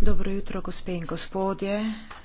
dobro jutro gospe in gospodje gospod komisar gospa varuhinja človekovih pravic.